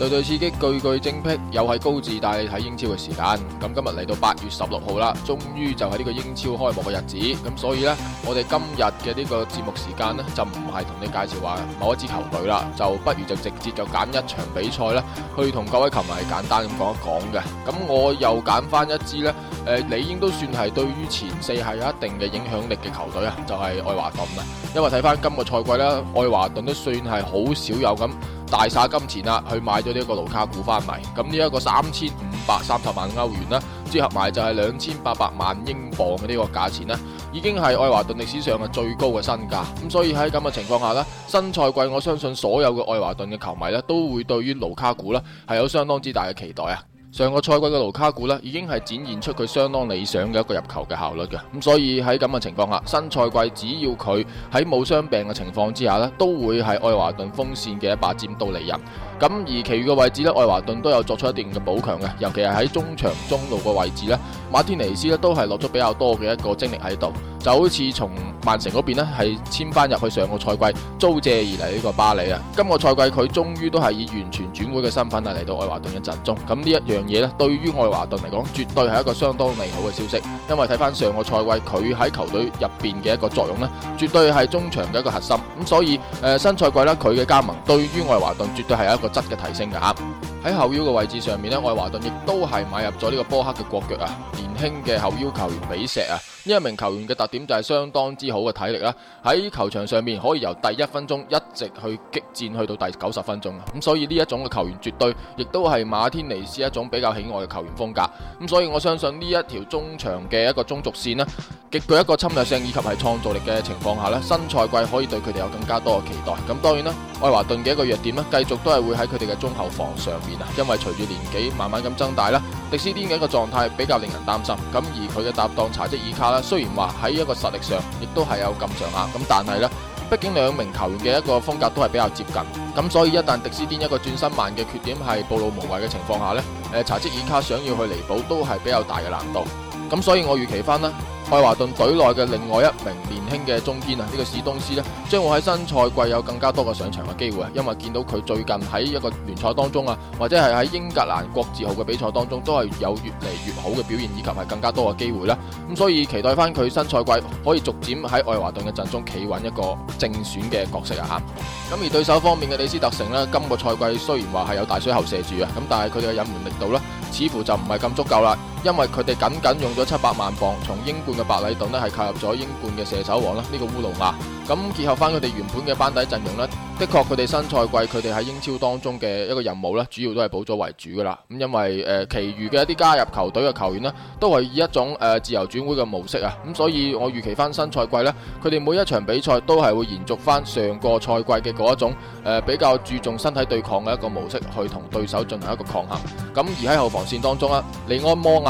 對對刺激，句句精闢，又係高治帶你睇英超嘅時間。咁今日嚟到八月十六號啦，終於就係呢個英超開幕嘅日子。咁所以呢，我哋今日嘅呢個節目時間呢，就唔係同你介紹話某一支球隊啦，就不如就直接就揀一場比賽啦，去同各位球迷簡單咁講一講嘅。咁我又揀翻一支呢，誒，理應都算係對於前四係有一定嘅影響力嘅球隊啊，就係愛華頓啊。因為睇翻今個賽季啦，愛華頓都算係好少有咁。大灑金錢啦，去買咗呢個盧卡古翻嚟，咁呢一個三千五百三十萬歐元啦，折合埋就係兩千八百萬英鎊嘅呢個價錢呢，已經係愛華頓歷史上嘅最高嘅身價。咁所以喺咁嘅情況下呢，新賽季我相信所有嘅愛華頓嘅球迷呢，都會對於盧卡古呢係有相當之大嘅期待啊！上個賽季嘅盧卡古咧已經係展現出佢相當理想嘅一個入球嘅效率嘅，咁所以喺咁嘅情況下，新賽季只要佢喺冇傷病嘅情況之下咧，都會係愛華頓鋒線嘅一把尖刀利刃。咁而其餘嘅位置咧，愛華頓都有作出一定嘅補強嘅，尤其係喺中場中路嘅位置咧，馬天尼斯咧都係落咗比較多嘅一個精力喺度，就好似從曼城嗰邊呢係簽翻入去上個賽季租借而嚟呢個巴里啊，今個賽季佢終於都係以完全轉會嘅身份係嚟到愛華頓嘅陣中，咁呢一樣嘢咧，對於愛華頓嚟講絕對係一個相當利好嘅消息，因為睇翻上個賽季佢喺球隊入邊嘅一個作用呢，絕對係中場嘅一個核心，咁所以誒、呃、新賽季咧佢嘅加盟對於愛華頓絕對係一個。質嘅提升噶，喺後腰嘅位置上面，呢愛華頓亦都係買入咗呢個波克嘅國腳啊，年輕嘅後腰球員比石啊。呢一名球員嘅特點就係相當之好嘅體力啦，喺球場上面可以由第一分鐘一直去激戰去到第九十分鐘啊，咁所以呢一種嘅球員絕對亦都係馬天尼斯一種比較喜愛嘅球員風格，咁所以我相信呢一條中場嘅一個中軸線呢，極具一個侵略性以及係創造力嘅情況下呢，新賽季可以對佢哋有更加多嘅期待。咁當然啦，愛華頓嘅一個弱點呢，繼續都係會喺佢哋嘅中後防上面啊，因為隨住年紀慢慢咁增大啦。迪斯丁嘅一個狀態比較令人擔心，咁而佢嘅搭檔查積爾卡咧，雖然話喺一個實力上亦都係有咁上下，咁但係咧，畢竟兩名球員嘅一個風格都係比較接近，咁所以一旦迪斯丁一個轉身慢嘅缺點係暴露無遺嘅情況下咧，誒，查積爾卡想要去彌補都係比較大嘅難度，咁所以我預期翻啦愛華頓隊內嘅另外一名年輕嘅中堅啊，呢個史東斯呢，將會喺新賽季有更加多嘅上場嘅機會啊，因為見到佢最近喺一個聯賽當中啊，或者係喺英格蘭國字號嘅比賽當中，都係有越嚟越好嘅表現以及係更加多嘅機會啦。咁所以期待翻佢新賽季可以逐漸喺愛華頓嘅陣中企穩一個正選嘅角色啊！吓，咁而對手方面嘅李斯特城呢，今個賽季雖然話係有大水喉射住啊，咁但係佢哋嘅隱瞞力度呢，似乎就唔係咁足夠啦。因為佢哋僅僅用咗七百萬鎊，從英冠嘅白禮頓咧係加入咗英冠嘅射手王啦，呢、這個烏龍啊！咁、嗯、結合翻佢哋原本嘅班底陣容呢，的確佢哋新賽季佢哋喺英超當中嘅一個任務呢，主要都係補咗為主噶啦。咁、嗯、因為誒、呃，其餘嘅一啲加入球隊嘅球員呢，都係以一種誒、呃、自由轉會嘅模式啊。咁、嗯、所以我預期翻新賽季呢，佢哋每一場比賽都係會延續翻上個賽季嘅嗰一種誒、呃、比較注重身體對抗嘅一個模式去同對手進行一個抗衡。咁、嗯、而喺後防線當中啊，利安摩亞。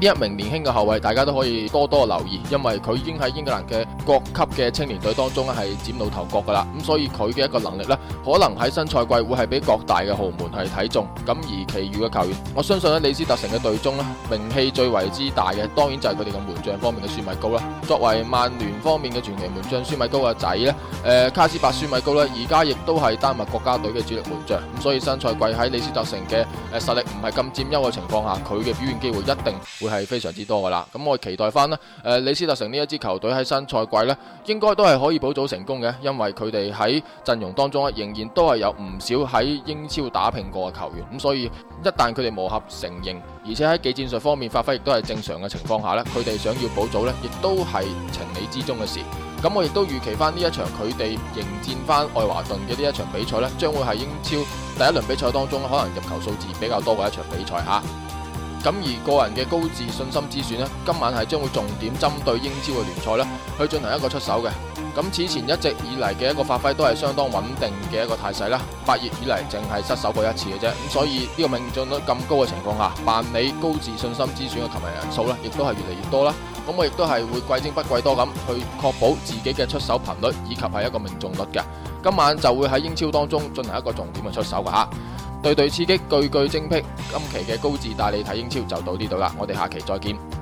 呢一名年輕嘅後衛，大家都可以多多留意，因為佢已經喺英格蘭嘅各級嘅青年隊當中係佔到頭角噶啦。咁所以佢嘅一個能力呢，可能喺新賽季會係比各大嘅豪門係睇中。咁而其餘嘅球員，我相信呢，李斯特城嘅隊中呢，名氣最為之大嘅，當然就係佢哋嘅門將方面嘅舒米高啦。作為曼聯方面嘅傳奇門將舒米高嘅仔呢，誒、呃、卡斯伯舒米高呢，而家亦都係丹麥國家隊嘅主力門將。咁所以新賽季喺李斯特城嘅誒實力唔係咁佔優嘅情況下，佢嘅表現機會一定，係非常之多噶啦，咁我期待翻呢，誒、呃，李斯特城呢一支球隊喺新賽季呢應該都係可以保組成功嘅，因為佢哋喺陣容當中啊，仍然都係有唔少喺英超打拼過嘅球員，咁所以一旦佢哋磨合成形，而且喺技戰術方面發揮亦都係正常嘅情況下呢，佢哋想要保組呢，亦都係情理之中嘅事。咁我亦都預期翻呢一場，佢哋迎戰翻愛華頓嘅呢一場比賽呢，將會係英超第一輪比賽當中可能入球數字比較多嘅一場比賽吓。下咁而個人嘅高自信心之選呢，今晚係將會重點針對英超嘅聯賽啦，去進行一個出手嘅。咁此前一直以嚟嘅一個發揮都係相當穩定嘅一個態勢啦。八月以嚟淨係失手過一次嘅啫。咁所以呢個命中率咁高嘅情況下，辦理高自信心之選嘅球迷人數呢，亦都係越嚟越多啦。咁我亦都係會貴精不貴多咁去確保自己嘅出手頻率以及係一個命中率嘅。今晚就會喺英超當中進行一個重點嘅出手噶吓。對對刺激，句句精辟。今期嘅高治帶你睇英超就到呢度啦，我哋下期再見。